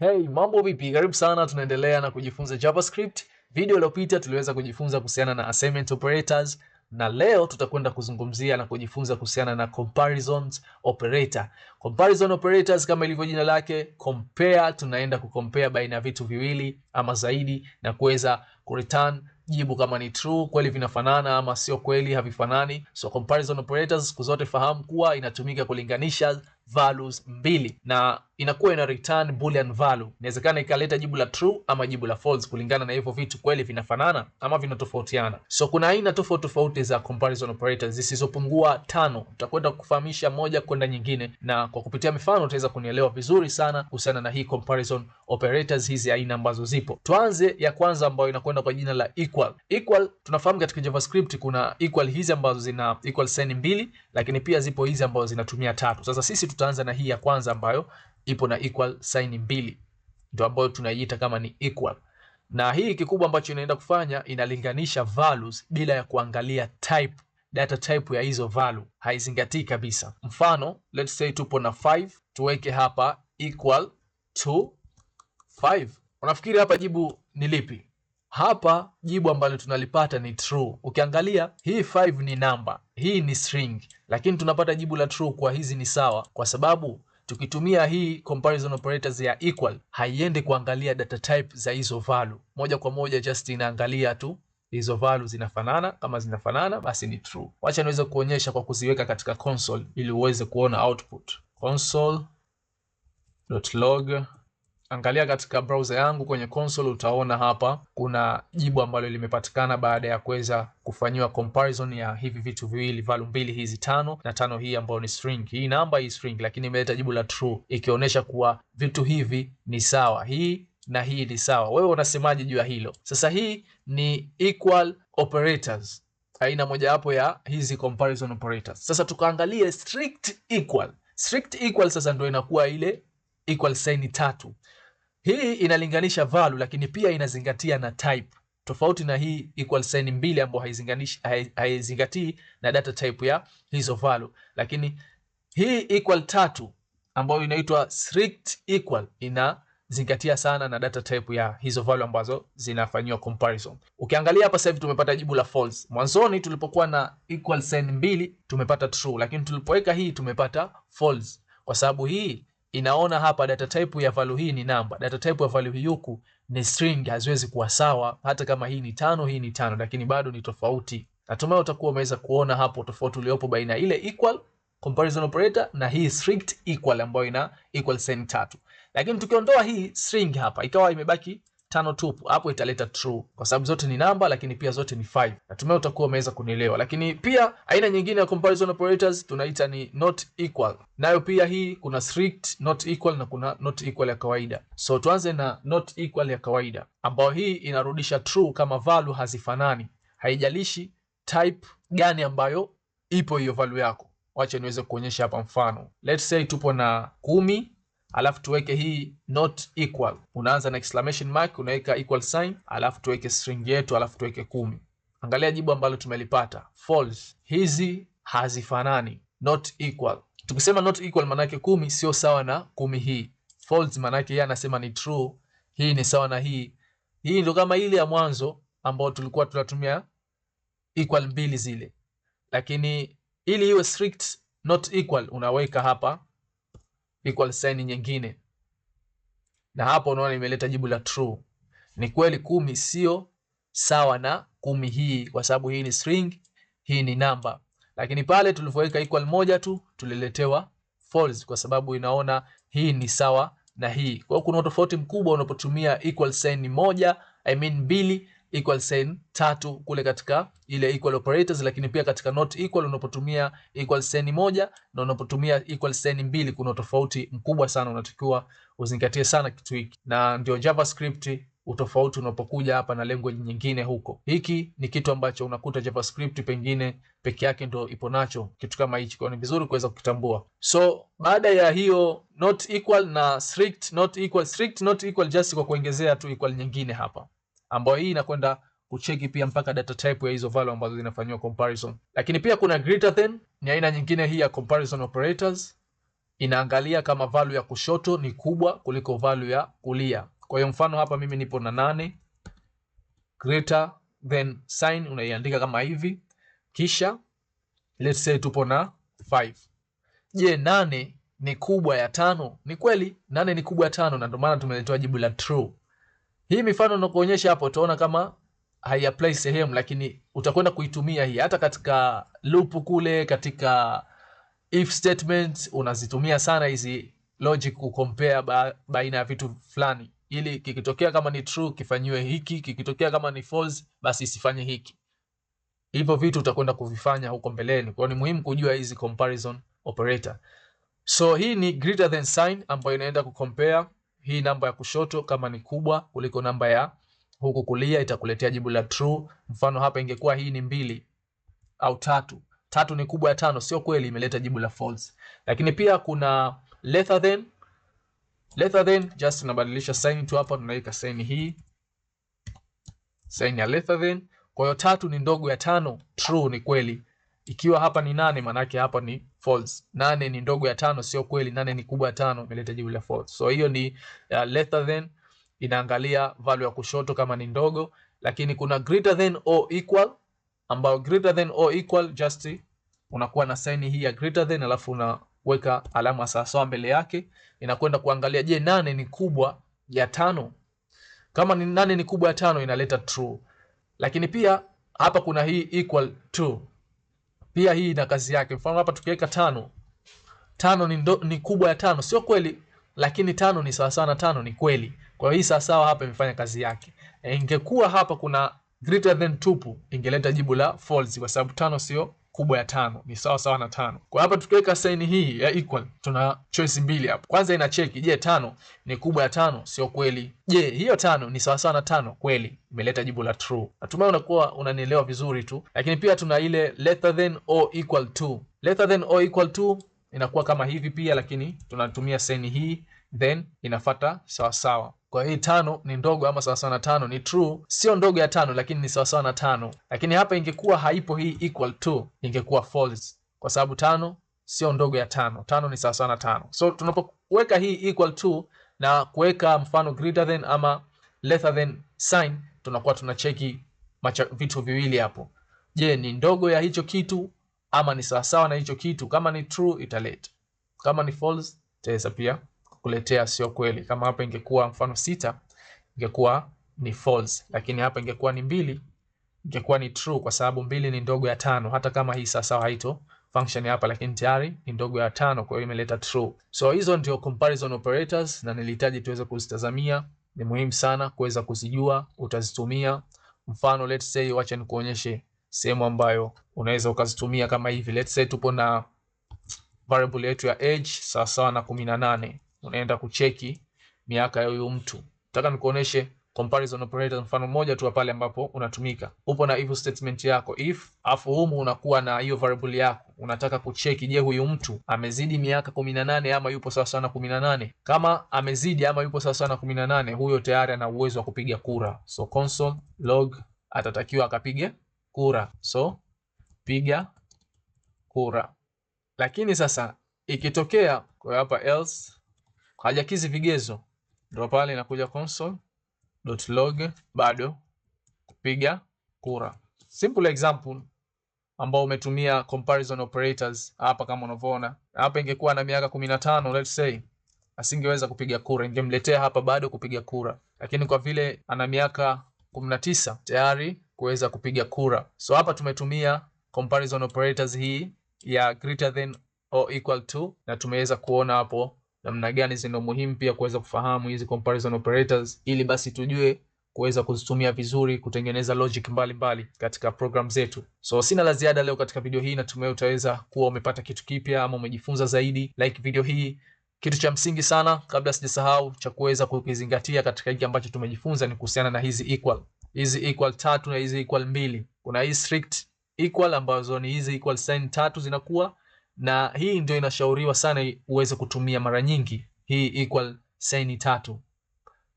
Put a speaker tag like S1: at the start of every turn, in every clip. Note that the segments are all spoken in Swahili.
S1: Hey, mambo vipi? Karibu sana, tunaendelea na kujifunza JavaScript. Video iliyopita tuliweza kujifunza kuhusiana na assignment operators na leo tutakwenda kuzungumzia na kujifunza kuhusiana na comparison operator. Comparison operators kama ilivyo jina lake, compare, tunaenda kucompare baina ya vitu viwili ama zaidi na kuweza kureturn jibu kama ni true, kweli vinafanana ama sio kweli, havifanani. So comparison operators, siku zote fahamu kuwa inatumika kulinganisha values mbili na inakuwa ina return boolean value. Inawezekana ikaleta jibu la true ama jibu la false, kulingana na hivyo vitu kweli vinafanana ama vinatofautiana. So kuna aina tofauti tofauti za comparison operators zisizopungua tano. Tutakwenda kufahamisha moja kwenda nyingine, na kwa kupitia mifano utaweza kunielewa vizuri sana kuhusiana na hii comparison operators hizi aina ambazo zipo. Tuanze ya kwanza ambayo inakwenda kwa jina la equal. Equal tunafahamu katika JavaScript kuna equal hizi ambazo zina equal sign mbili, lakini pia zipo hizi ambazo zinatumia tatu. Sasa sisi tutaanza na hii ya kwanza ambayo ipo na equal sign mbili, ndio ambayo tunaiita kama ni equal. Na hii kikubwa ambacho inaenda kufanya inalinganisha values bila ya kuangalia type, data type ya hizo value haizingatii kabisa. Mfano, let's say tupo na 5 tuweke hapa equal to 5. Unafikiri hapa jibu ni lipi? Hapa jibu ambalo tunalipata ni true. Ukiangalia hii 5 ni namba, hii ni string, lakini tunapata jibu la true kwa hizi ni sawa, kwa sababu tukitumia hii comparison operators ya equal haiende kuangalia data type za hizo value moja kwa moja, just inaangalia tu hizo value zinafanana. Kama zinafanana, basi ni true. Wacha niweze kuonyesha kwa kuziweka katika console ili uweze kuona output. console.log Angalia katika browser yangu kwenye console, utaona hapa kuna jibu ambalo limepatikana baada ya kuweza kufanyiwa comparison ya hivi vitu viwili, value mbili hizi, tano na tano hii ambayo ni string. Hii namba hii string, lakini imeleta jibu la true, ikionyesha kuwa vitu hivi ni sawa, hii na hii ni sawa. Wewe unasemaje juu ya hilo? Sasa hii ni equal operators, aina mojawapo ya hizi comparison operators. Sasa tukaangalie strict equal. Strict equal sasa ndio inakuwa ile equal sign tatu. Hii inalinganisha value lakini pia inazingatia na type, tofauti na hii equal sign mbili ambayo haizinganishi haizingatii na data type ya hizo value. Lakini hii equal tatu ambayo inaitwa strict equal inazingatia sana na data type ya hizo value ambazo zinafanywa comparison. Ukiangalia hapa sasa hivi tumepata jibu la false. Mwanzoni tulipokuwa na equal sign mbili tumepata true, lakini tulipoweka hii tumepata false kwa sababu hii inaona hapa data type ya value hii ni namba, data type ya value hii huku ni string, haziwezi kuwa sawa. Hata kama hii ni tano, hii ni tano, lakini bado ni tofauti. Natumai utakuwa umeweza kuona hapo tofauti uliopo baina ya ile equal comparison operator na hii strict equal ambayo ina equal sign tatu. Lakini tukiondoa hii string hapa, ikawa imebaki tano tupu, hapo italeta true kwa sababu zote ni namba, lakini pia zote ni 5. Natumai utakuwa umeweza kunielewa. Lakini pia aina nyingine ya comparison operators tunaita ni not equal, nayo pia hii kuna strict not equal na kuna not equal ya kawaida. So tuanze na not equal ya kawaida, ambayo hii inarudisha true kama value hazifanani, haijalishi type gani ambayo ipo hiyo value yako. Wacha niweze kuonyesha hapa mfano, let's say tupo na kumi alafu tuweke hii not equal, unaanza na exclamation mark, unaweka equal sign, alafu tuweke string yetu, alafu tuweke kumi. Angalia jibu ambalo tumelipata false. Hizi hazifanani, not equal. Tukisema not equal, maanake kumi sio sawa na kumi hii. False maana yake yeye anasema ni true, hii ni sawa na hii. Hii ndio kama ile ya mwanzo ambayo tulikuwa tunatumia equal mbili zile, lakini ili iwe strict not equal unaweka hapa equal sign nyingine, na hapo unaona imeleta jibu la true. Ni kweli kumi sio sawa na kumi hii, kwa sababu hii ni string, hii ni namba, lakini pale tulivyoweka equal moja tu tuliletewa false, kwa sababu inaona hii ni sawa na hii. Kwa hiyo kuna utofauti mkubwa unapotumia equal sign moja, I mean mbili equal sign tatu kule katika ile equal operators, lakini pia katika not equal unapotumia equal sign moja na unapotumia equal sign mbili kuna tofauti mkubwa sana, unatakiwa uzingatie sana kitu hiki, na ndio JavaScript utofauti unapokuja hapa na language nyingine huko. Hiki ni kitu ambacho unakuta JavaScript pengine peke yake ndio ipo nacho kitu kama hichi, kwa ni vizuri kuweza kukitambua. So baada ya hiyo not equal na strict not equal, strict not equal just kwa kuongezea tu equal nyingine hapa ambayo hii inakwenda kucheki pia mpaka data type ya hizo value ambazo zinafanywa comparison. Lakini pia kuna greater than, ni aina nyingine hii ya comparison operators, inaangalia kama value ya kushoto ni kubwa kuliko value ya kulia. Kwa hiyo mfano hapa mimi nipo na nane, greater than sign unaiandika kama hivi, kisha let's say tupo na 5. Je, nane ni kubwa ya tano? Ni kweli nane ni kubwa ya tano, na ndio maana tumeletewa jibu la true. Hii mifano nakuonyesha hapo utaona kama haiapply sehemu, lakini utakwenda kuitumia hii hata katika loop kule, katika if statement unazitumia sana hizi logic ku compare ba, baina ya vitu fulani, ili kikitokea kama ni true kifanyiwe hiki, kikitokea kama ni false basi isifanye hiki. Hivyo vitu utakwenda kuvifanya huko mbeleni, kwa ni muhimu kujua hizi comparison operator. So hii ni greater than sign ambayo inaenda ku compare hii namba ya kushoto kama ni kubwa kuliko namba ya huku kulia itakuletea jibu la true. Mfano hapa ingekuwa hii ni mbili au tatu, tatu ni kubwa ya tano, sio kweli, imeleta jibu la false. Lakini pia kuna lesser than. Lesser than just tunabadilisha sign tu hapa, tunaweka sign hii, sign ya lesser than. Kwa hiyo tatu ni ndogo ya tano, true, ni kweli. Ikiwa hapa ni nane, maanake hapa ni false. Nane ni ndogo ya tano, sio kweli. Nane ni kubwa ya tano, imeleta jibu la false. So hiyo ni uh, lesser than, inaangalia value ya kushoto kama ni ndogo, lakini kuna greater than or equal, ambao greater than or equal just unakuwa na saini hii ya greater than alafu unaweka alama sawasawa mbele yake, inakwenda kuangalia, je, nane ni kubwa ya tano? Kama ni nane ni kubwa ya tano inaleta true, lakini pia hapa kuna hii equal to pia hii ina kazi yake. Mfano hapa tukiweka tano, tano ni, ndo, ni kubwa ya tano, sio kweli, lakini tano ni sawasawa na tano ni kweli. Kwa hiyo hii sawasawa hapa imefanya kazi yake. E, ingekuwa hapa kuna greater than tupu ingeleta jibu la false, kwa sababu tano sio kubwa ya tano ni sawa sawa na tano. Kwa hapa tukiweka saini hii ya equal, tuna choice mbili hapo. Kwanza ina check, je, tano ni kubwa ya tano? Sio kweli. Je, hiyo tano ni sawa sawa na tano? Kweli, imeleta jibu la true. Natumai unakuwa unanielewa vizuri tu, lakini pia tuna ile lesser than or equal to. Lesser than or equal to inakuwa kama hivi pia, lakini tunatumia saini hii then inafata sawa. Kwa hii tano ni ndogo ama sawasawa na tano ni true, sio ndogo ya tano lakini ni sawasawa na tano. Lakini hapa ingekuwa haipo hii equal to, ingekuwa false kwa sababu tano sio ndogo ya tano. Tano ni sawasawa na tano. So tunapoweka hii equal to na kuweka mfano greater than ama lesser than sign, tunakuwa tunacheki macha vitu viwili hapo. Je, ni ndogo ya hicho kitu ama ni sawasawa na hicho kitu? Kama ni true italeta, kama ni false itaweza pia kukuletea sio kweli. Kama hapa ingekuwa mfano sita, ingekuwa ni false, lakini hapa ingekuwa ni mbili, ingekuwa ni true, kwa sababu mbili ni ndogo ya tano. Hata kama hii sasa haito function hapa, lakini tayari ni ndogo ya tano, kwa hiyo imeleta true. So hizo ndio comparison operators, na nilihitaji tuweze kuzitazamia. Ni muhimu sana kuweza kuzijua, utazitumia. Mfano, let's say, wacha nikuonyeshe sehemu ambayo unaweza ukazitumia kama hivi. Let's say tupo na variable yetu ya age sawa sawa na 18 unaenda kucheki miaka ya huyu mtu. Nataka nikuoneshe comparison operator, mfano mmoja tu pale ambapo unatumika. Upo na if statement yako if, afu humu unakuwa na hiyo variable yako, unataka kucheki, je, huyu mtu amezidi miaka 18 ama yupo sawa sawa na 18? Kama amezidi ama yupo sawa sawa na 18, huyo tayari ana uwezo wa kupiga kura. So console log atatakiwa akapige kura, so piga kura. Lakini sasa ikitokea kwa hapa else hajakizi vigezo, ndio pale inakuja console.log bado kupiga kura. Simple example ambao umetumia comparison operators hapa, kama unavyoona hapa. Ingekuwa na miaka 15 let's say, asingeweza kupiga kura, ingemletea hapa bado kupiga kura, lakini kwa vile ana miaka 19 tayari kuweza kupiga kura. So hapa tumetumia comparison operators hii ya greater than or equal to, na tumeweza kuona hapo namna gani zina muhimu pia kuweza kufahamu hizi comparison operators, ili basi tujue kuweza kuzitumia vizuri kutengeneza logic mbalimbali mbali katika program zetu. So sina la ziada leo katika video hii, natumai utaweza kuwa umepata kitu kipya ama umejifunza zaidi. Like video hii. Kitu cha msingi sana kabla sijasahau cha kuweza kukizingatia katika hiki ambacho tumejifunza ni kuhusiana na hizi equal. Hizi equal tatu na hizi equal mbili. Kuna hii strict equal ambazo ni hizi equal sign tatu zinakuwa na hii ndio inashauriwa sana uweze kutumia mara nyingi hii equal sign tatu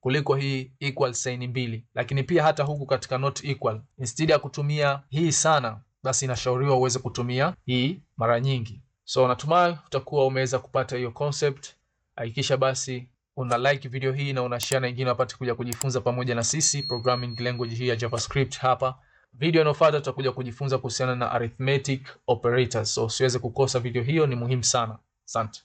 S1: kuliko hii equal sign mbili, lakini pia hata huku katika not equal, instead ya kutumia hii sana, basi inashauriwa uweze kutumia hii mara nyingi. So natumai utakuwa umeweza kupata hiyo concept. Hakikisha basi una like video hii na una share na wengine wapate kuja kujifunza pamoja na sisi programming language hii ya JavaScript hapa Video inayofuata tutakuja kujifunza kuhusiana na arithmetic operators, so siweze kukosa video hiyo, ni muhimu sana. Asante.